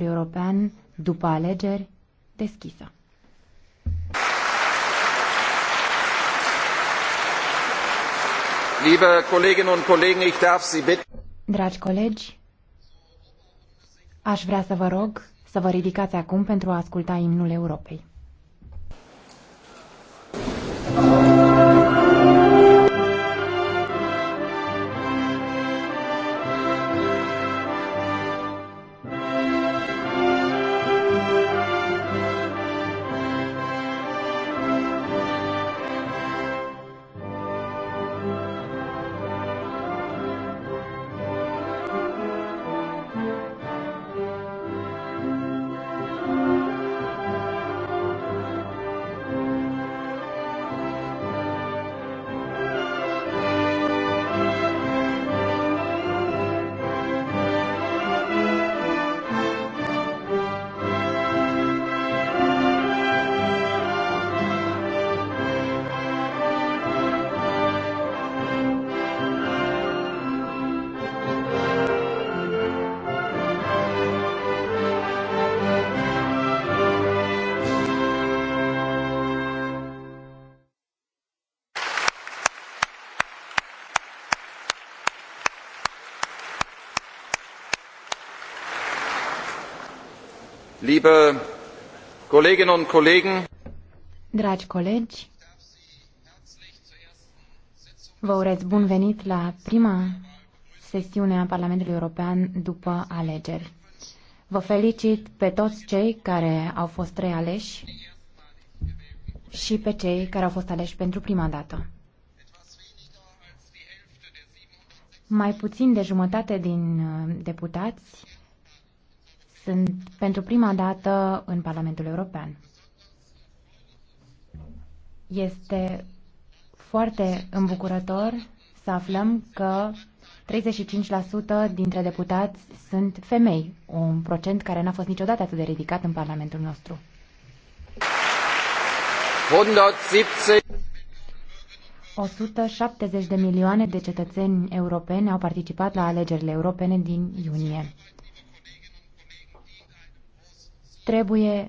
Parlamentului European după alegeri deschisă. Liebe Kolleginnen und Kollegen, ich darf Sie bitten. Dragi colegi, aș vrea să vă rog să vă ridicați acum pentru a asculta imnul Europei. Liebe Kolleginnen und Kollegen, Dragi colegi, vă urez bun venit la prima sesiune a Parlamentului European după alegeri. Vă felicit pe toți cei care au fost realeși și pe cei care au fost aleși pentru prima dată. Mai puțin de jumătate din uh, deputați sunt pentru prima dată în Parlamentul European. Este foarte îmbucurător să aflăm că 35% dintre deputați sunt femei, un procent care n-a fost niciodată atât de ridicat în Parlamentul nostru. 170 de milioane de cetățeni europeni au participat la alegerile europene din iunie. Trebuie